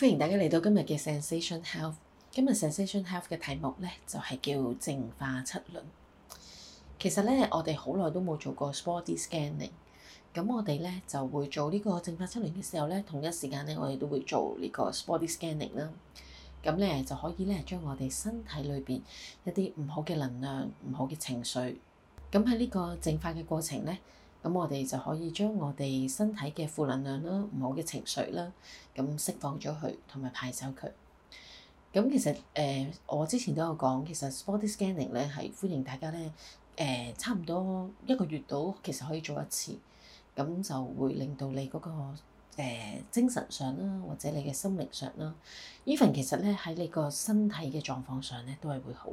歡迎大家嚟到今日嘅 Zensation Health。今日 Zensation Health 嘅題目咧就係叫淨化七輪。其實咧，我哋好耐都冇做過 Body Scanning。咁我哋咧就會做呢個淨化七輪嘅時候咧，同一時間咧我哋都會做呢個 Body Scanning 啦。咁咧就可以咧將我哋身體裏邊一啲唔好嘅能量、唔好嘅情緒。咁喺呢個淨化嘅過程咧。咁我哋就可以將我哋身體嘅負能量啦、唔好嘅情緒啦，咁釋放咗佢，同埋排走佢。咁其實誒、呃，我之前都有講，其實 body scanning 咧係歡迎大家咧，誒、呃、差唔多一個月到，其實可以做一次，咁就會令到你嗰、那個、呃、精神上啦，或者你嘅心靈上啦，even 其實咧喺你個身體嘅狀況上咧都係會好嘅。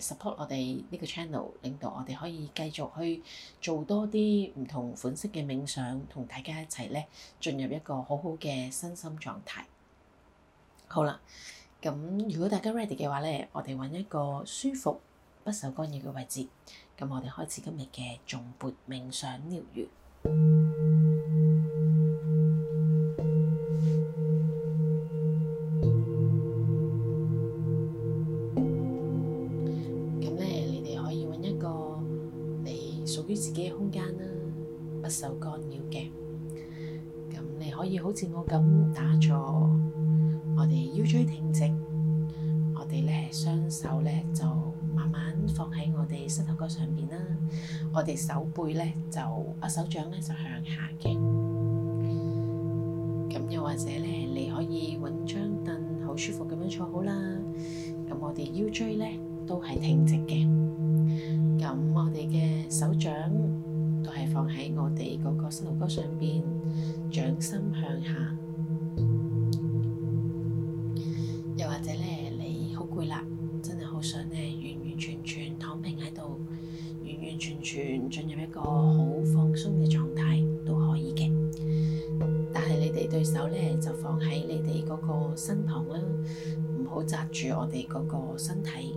support 我哋呢個 channel，令到我哋可以繼續去做多啲唔同款式嘅冥想，同大家一齊咧進入一個好好嘅身心狀態。好啦，咁如果大家 ready 嘅話咧，我哋揾一個舒服、不受干擾嘅位置，咁我哋開始今日嘅重撥冥想療癒。好似我咁打坐，我哋腰椎挺直，我哋咧雙手咧就慢慢放喺我哋膝頭哥上邊啦。我哋手背咧就啊，手掌咧就向下嘅。咁又或者咧，你可以搵張凳好舒服咁樣坐好啦。咁我哋腰椎咧都係挺直嘅。咁我哋嘅手掌都係放喺我哋嗰個膝頭哥上邊。掌心向下，又或者咧，你好攰啦，真係好想咧，完完全全躺平喺度，完完全全進入一個好放鬆嘅狀態都可以嘅。但係你哋對手咧就放喺你哋嗰個身旁啦，唔好摣住我哋嗰個身體。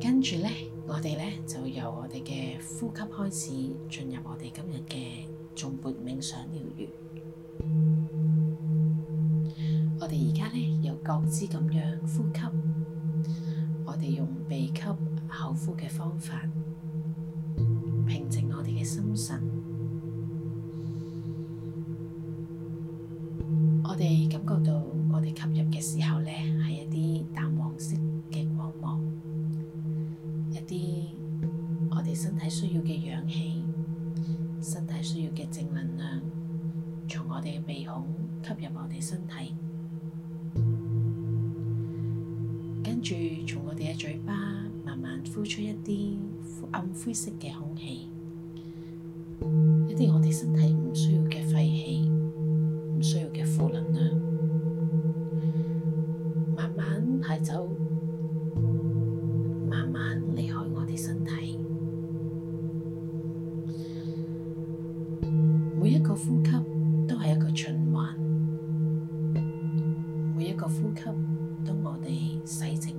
跟住咧。我哋呢就由我哋嘅呼吸開始，進入我哋今日嘅縱撥冥想療癒。我哋而家呢有覺知咁樣呼吸。呼吸都係一個循環，每一個呼吸都我哋洗淨。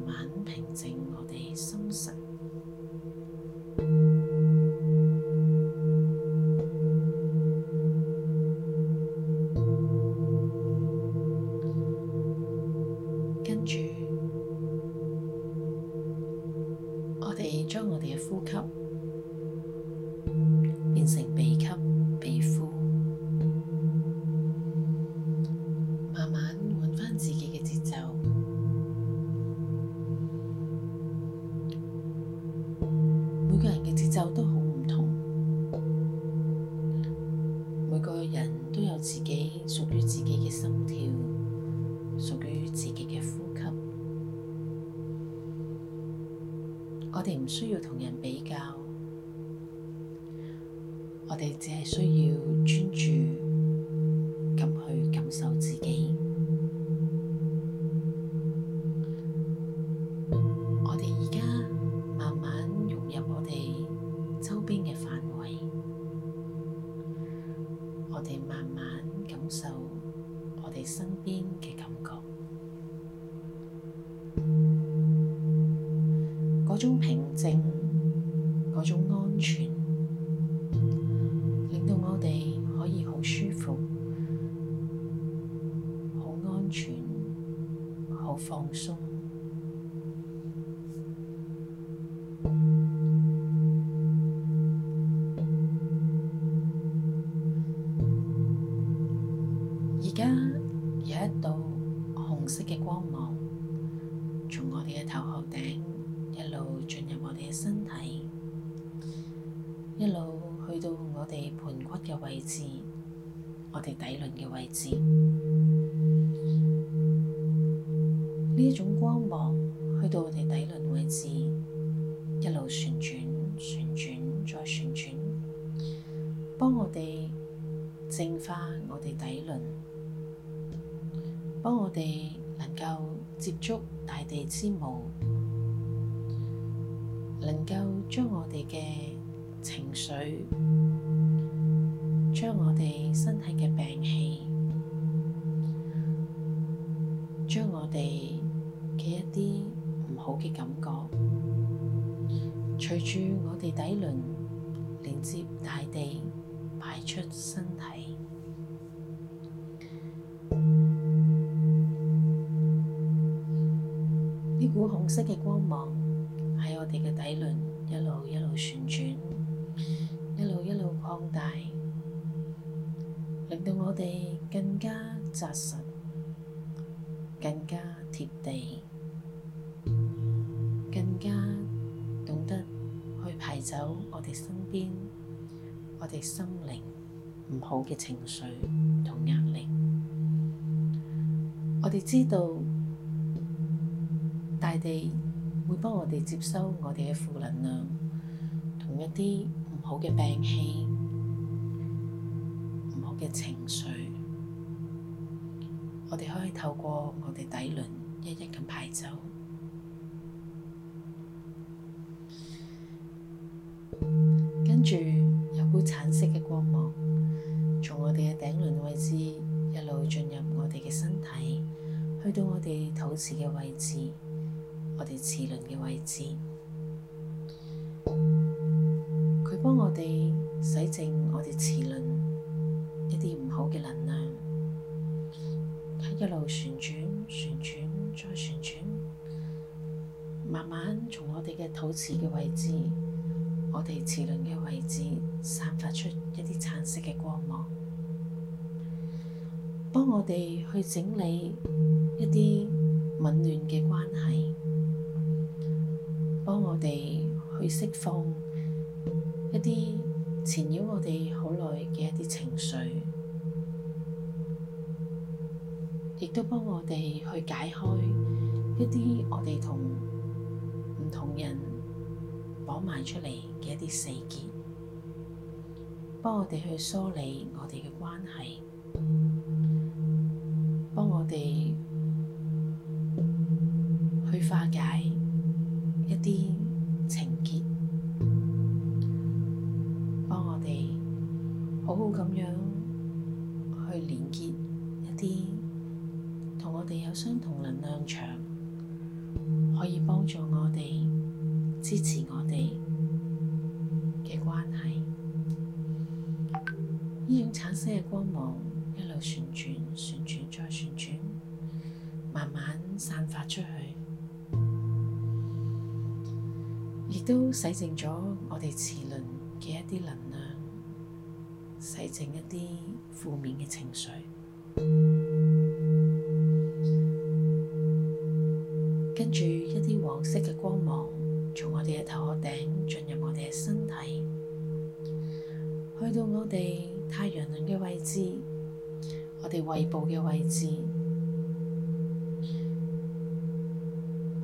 慢慢平靜，我哋心神。我哋唔需要同人比較，我哋只係需要專注咁去感受自己。色嘅光芒從我哋嘅頭殼頂一路進入我哋嘅身體，一路去到我哋盤骨嘅位置，我哋底輪嘅位置。呢一種光芒去到我哋底輪位置。接觸大地之母，能夠將我哋嘅情緒、將我哋身體嘅病氣、將我哋嘅一啲唔好嘅感覺，隨住我哋底輪連接大地，排出身體。紅色嘅光芒喺我哋嘅底輪一路一路旋轉，一路一路擴大，令到我哋更加扎實，更加貼地，更加懂得去排走我哋身邊、我哋心靈唔好嘅情緒同壓力。我哋知道。大地會幫我哋接收我哋嘅負能量，同一啲唔好嘅病氣、唔好嘅情緒，我哋可以透過我哋底輪一一咁排走，跟住有股橙色嘅。到我哋肚臍嘅位置，我哋臍輪嘅位置，佢幫我哋洗淨我哋臍輪一啲唔好嘅能量，一路旋轉、旋轉再旋轉，慢慢從我哋嘅肚臍嘅位置，我哋臍輪嘅位置散發出一啲橙色嘅光芒，幫我哋去整理。一啲紊亂嘅關係，幫我哋去釋放一啲纏繞我哋好耐嘅一啲情緒，亦都幫我哋去解開一啲我哋同唔同人綁埋出嚟嘅一啲死結，幫我哋去梳理我哋嘅關係。化解一啲情結，幫我哋好好咁樣去連結一啲同我哋有相同能量場，可以幫助我哋支持我哋嘅關係。呢種產生嘅光芒一路旋轉，旋轉再旋轉，慢慢散發出去。亦都洗淨咗我哋臍輪嘅一啲能量，洗淨一啲負面嘅情緒。跟住一啲黃色嘅光芒從我哋嘅頭殼頂進入我哋嘅身體，去到我哋太陽輪嘅位置，我哋胃部嘅位置，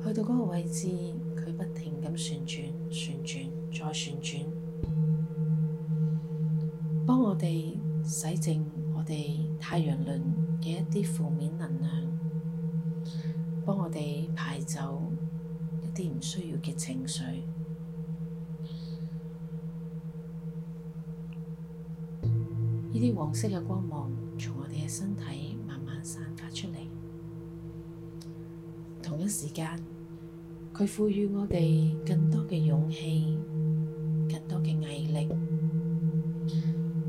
去到嗰個位置，佢不停咁旋轉。旋轉，再旋轉，幫我哋洗淨我哋太陽輪嘅一啲負面能量，幫我哋排走一啲唔需要嘅情緒。呢啲黃色嘅光芒從我哋嘅身體慢慢散發出嚟，同一時間。佢賦予我哋更多嘅勇氣，更多嘅毅力，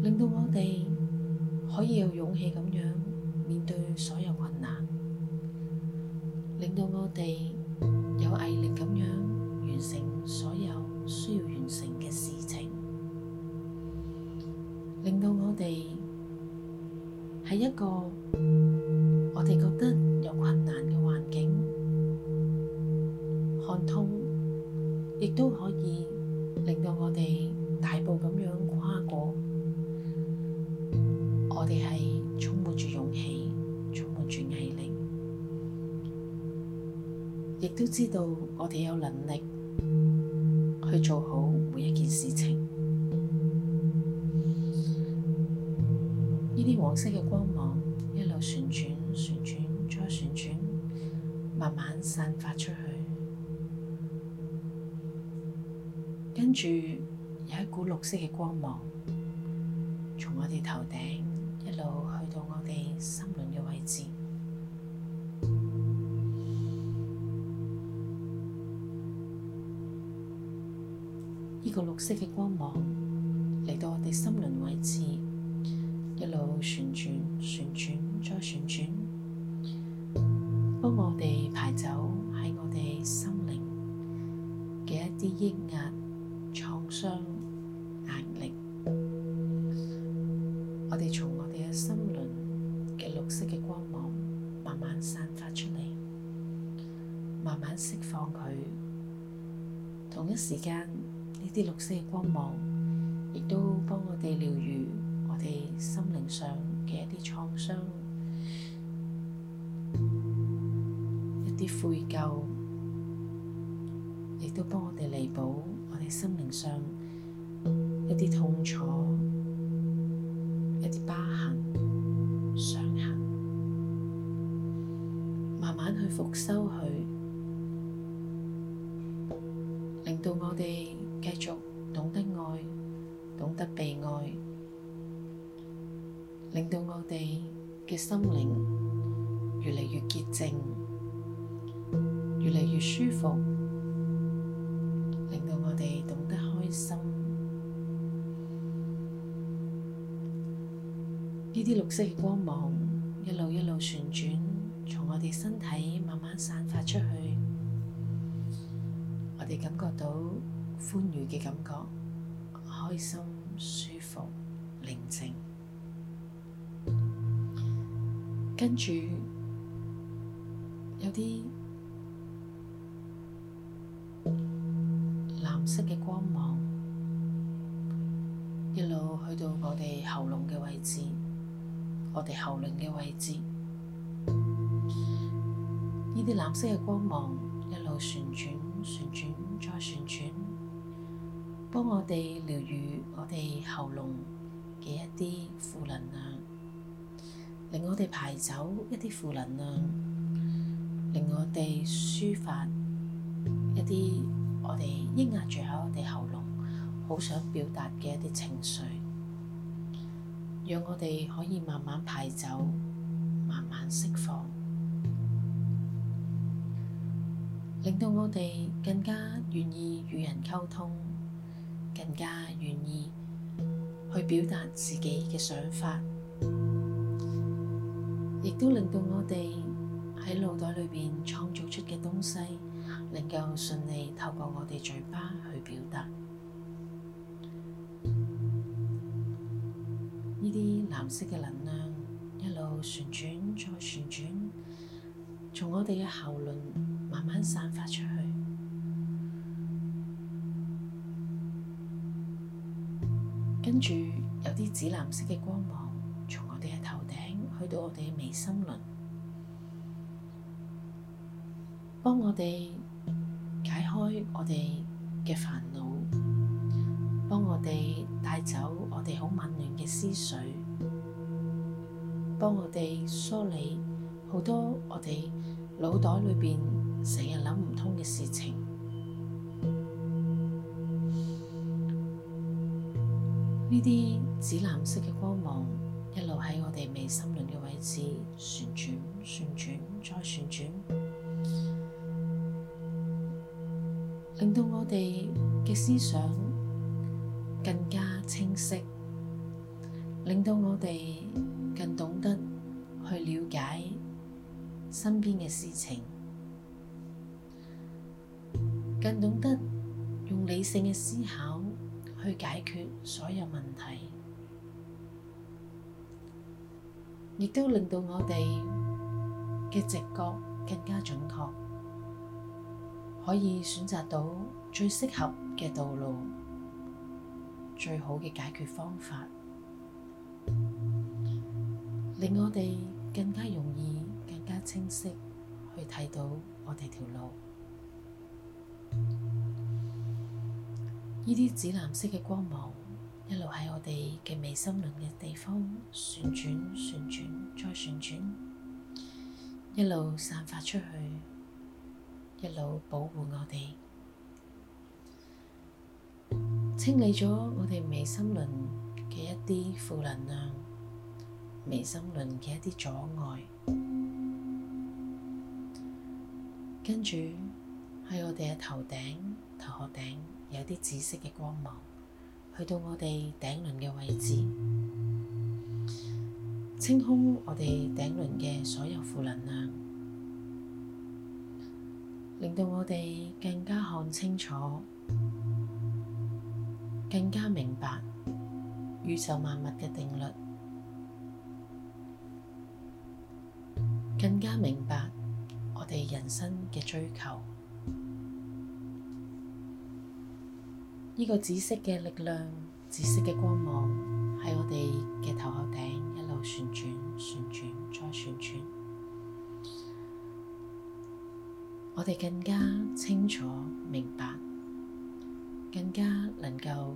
令到我哋可以有勇氣咁樣面對所有困難，令到我哋。亦都知道我哋有能力去做好每一件事情。呢啲黃色嘅光芒一路旋轉旋轉再旋轉，慢慢散發出去。跟住有一股綠色嘅光芒，從我哋頭頂一路去到我哋心輪嘅位置。呢個綠色嘅光芒嚟到我哋心輪位置，一路旋轉、旋轉再旋轉，幫我哋排走喺我哋心靈嘅一啲抑壓、創傷、壓力。我哋從我哋嘅心輪嘅綠色嘅光芒慢慢散發出嚟，慢慢釋放佢，同一時間。啲綠色嘅光芒，亦都幫我哋療愈我哋心靈上嘅一啲創傷，一啲悔疚，亦都幫我哋彌補我哋心靈上一啲痛楚、一啲疤痕、傷痕，慢慢去復修佢。值得被愛，令到我哋嘅心靈越嚟越潔淨，越嚟越舒服，令到我哋懂得開心。呢啲綠色嘅光芒一路一路旋轉，從我哋身體慢慢散發出去，我哋感覺到歡愉嘅感覺，開心。舒服、寧靜，跟住有啲藍色嘅光芒，一路去到我哋喉嚨嘅位置，我哋喉嚨嘅位置，呢啲藍色嘅光芒一路旋轉、旋轉、再旋轉。幫我哋療癒我哋喉嚨嘅一啲負能量，令我哋排走一啲負能量，令我哋抒發一啲我哋抑壓住喺我哋喉嚨好想表達嘅一啲情緒，讓我哋可以慢慢排走，慢慢釋放，令到我哋更加願意與人溝通。更加願意去表達自己嘅想法，亦都令到我哋喺腦袋裏邊創造出嘅東西，能夠順利透過我哋嘴巴去表達。呢啲藍色嘅能量一路旋轉再旋轉，從我哋嘅喉嚨慢慢散發出去。跟住有啲紫藍色嘅光芒從我哋嘅頭頂去到我哋嘅眉心輪，幫我哋解開我哋嘅煩惱，幫我哋帶走我哋好混亂嘅思緒，幫我哋梳理好多我哋腦袋裏邊成日諗唔通嘅事情。呢啲紫藍色嘅光芒一路喺我哋眉心輪嘅位置旋轉、旋轉、再旋轉，令到我哋嘅思想更加清晰，令到我哋更懂得去了解身邊嘅事情，更懂得用理性嘅思考。去解決所有問題，亦都令到我哋嘅直覺更加準確，可以選擇到最適合嘅道路、最好嘅解決方法，令我哋更加容易、更加清晰去睇到我哋條路。呢啲紫藍色嘅光芒，一路喺我哋嘅眉心輪嘅地方旋轉、旋轉、再旋轉，一路散發出去，一路保護我哋，清理咗我哋眉心輪嘅一啲負能量、眉心輪嘅一啲阻礙，跟住喺我哋嘅頭頂、頭殼頂。有啲紫色嘅光芒，去到我哋頂輪嘅位置，清空我哋頂輪嘅所有負能量，令到我哋更加看清楚，更加明白宇宙萬物嘅定律，更加明白我哋人生嘅追求。呢個紫色嘅力量、紫色嘅光芒喺我哋嘅頭殼頂一路旋轉、旋轉再旋轉，我哋更加清楚明白，更加能夠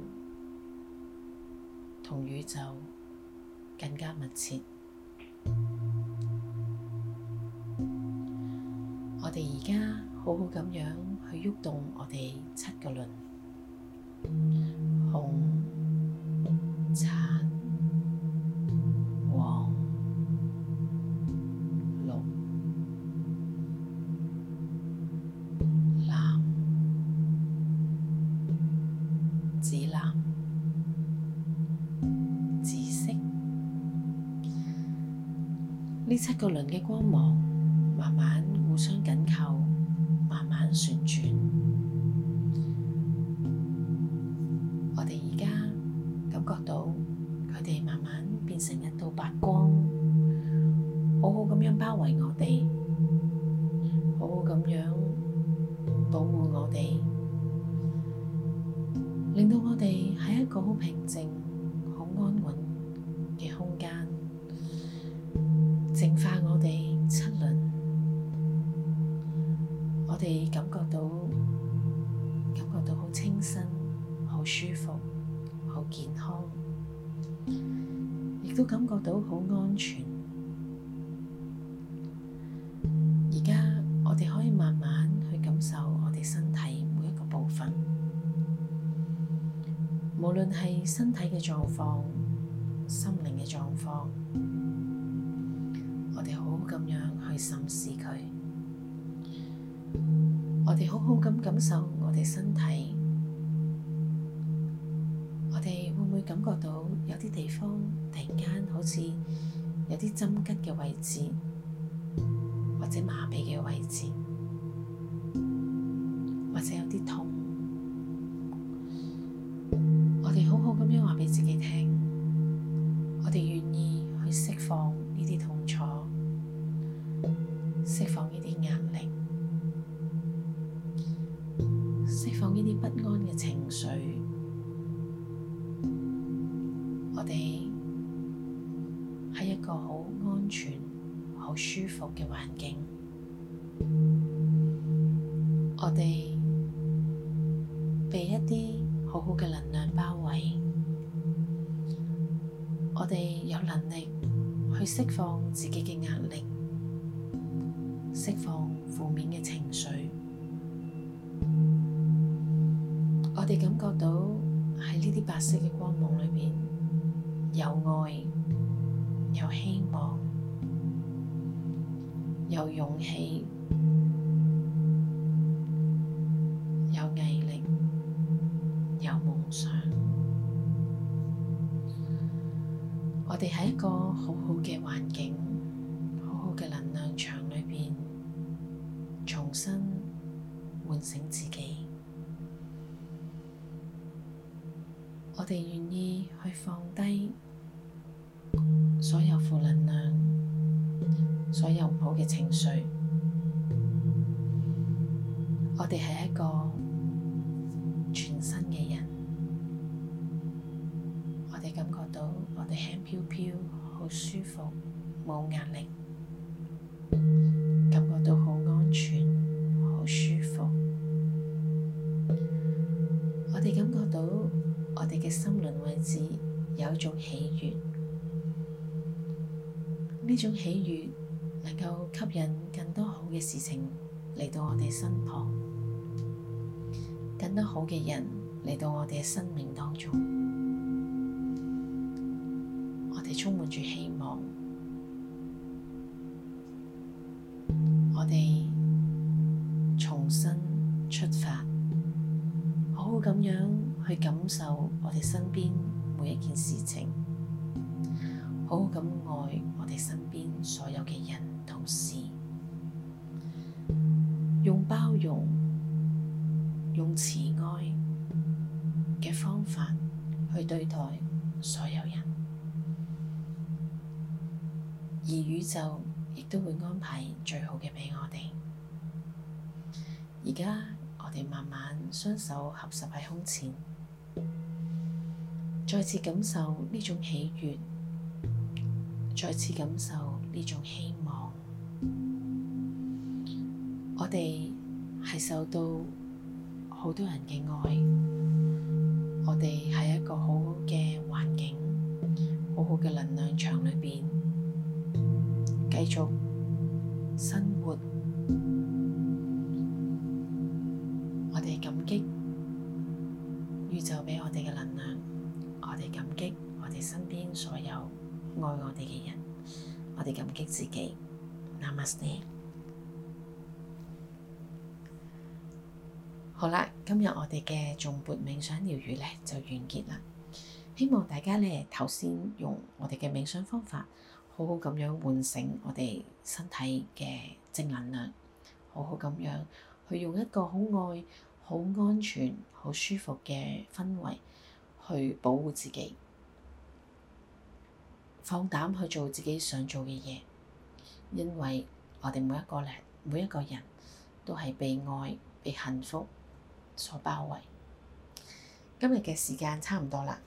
同宇宙更加密切。我哋而家好好咁樣去喐動我哋七個輪。紅、橙、黃、綠、藍、紫藍、紫色，呢七個輪嘅光芒慢慢互相緊扣，慢慢旋轉。好好咁樣包圍我哋，好好咁樣保護我哋，令到我哋喺一個好平靜。無論係身體嘅狀況、心靈嘅狀況，我哋好好咁樣去審視佢，我哋好好咁感受我哋身體，我哋會唔會感覺到有啲地方突然間好似有啲針拮嘅位置？情緒，我哋喺一個好安全、好舒服嘅環境，我哋被一啲好好嘅能量包圍，我哋有能力去釋放自己嘅壓力，釋放負面嘅情緒。你感覺到喺呢啲白色嘅光芒裏邊，有愛，有希望，有勇氣，有毅力，有夢想。我哋喺一個好好嘅環境、好好嘅能量場裏邊，重新喚醒自己。我哋願意去放低所有負能量，所有唔好嘅情緒。我哋係一個全新嘅人，我哋感覺到我哋輕飄飄，好舒服，冇壓力。有種喜悦，呢種喜悦能夠吸引更多好嘅事情嚟到我哋身旁，更多好嘅人嚟到我哋嘅生命當中，我哋充滿住希望，我哋重新出發，好好咁樣去感受我哋身邊。好好咁愛我哋身邊所有嘅人同事，用包容、用慈愛嘅方法去對待所有人，而宇宙亦都會安排最好嘅畀我哋。而家我哋慢慢雙手合十喺胸前。再次感受呢種喜悅，再次感受呢種希望。我哋係受到好多人嘅愛，我哋喺一個好嘅環境，好好嘅能量場裏面繼續生活。我哋感激自己，Namaste。好啦，今日我哋嘅重撥冥想療愈咧就完結啦。希望大家咧頭先用我哋嘅冥想方法，好好咁樣喚醒我哋身體嘅正能量，好好咁樣去用一個好愛、好安全、好舒服嘅氛圍去保護自己。放膽去做自己想做嘅嘢，因為我哋每一個人，每一個人，都係被愛、被幸福所包圍。今日嘅時間差唔多啦，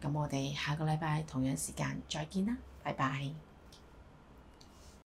咁我哋下個禮拜同樣時間再見啦，拜拜。